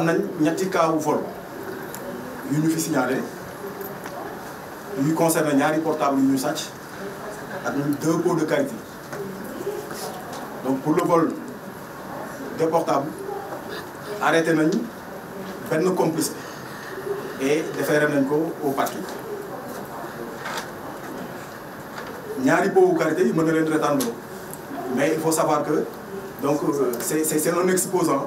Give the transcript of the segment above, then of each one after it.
un nañ ñetti kaawu vol yu ñu fi signalé yuy ñaari portable yu ñu sàcc deux pots de qualité donc pour le vol des portables arrêté nañ benn complice et déféré nañ ko au parquet ñaari de qualité il mën na un retendre mais il faut savoir que donc euh, c'est c'est un exposant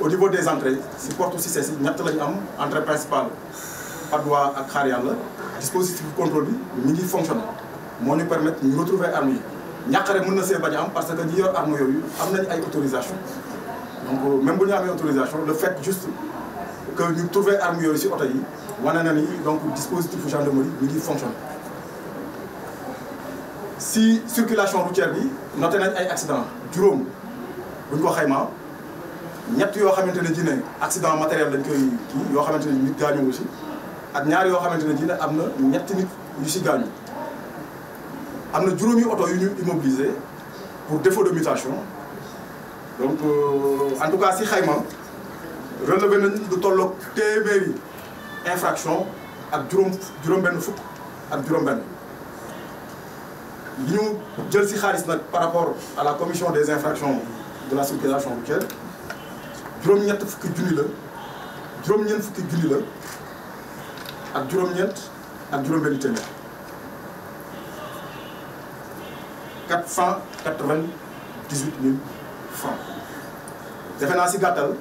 au niveau des entrées si aussi ceci. sees yi entrée principale Padois ak Xaar le dispositif contrôle bi mini fonctionne nous permet de permettre retrouver armes yi ñàkkare mën parce que nous yor armes autorisation donc même bu ñu une autorisation le fait juste que nous trouvions armes ici, si oto yi wane na ni donc dispositif gendarmerie mini fonctionne. si circulation routière bi noté nañ ay accident juróom bu ko ñett yoo xamante ne ji accident matériel lañ koy kii yoo xamante ne nit gaañuwu si ak ñaar yoo xamante ne ji ne am na ñetti nit yu si gaañu am na juróomi oto yu ñu immobilisé pour défaut de mutation donc euh, en tout cas si xayma relevé nañ lu tolloog téeméeri infraction ak juróom juróom-benn fukk ak juróom-benn li ñu jël si xaalis nag par rapport à la commission des infractions de la circulation routière juróom-ñett fukki junni la juróom-ñeent fukki junni la ak juróom-ñeent ak juróom-benn téeméer 498 mille francs defe naa si gàttal.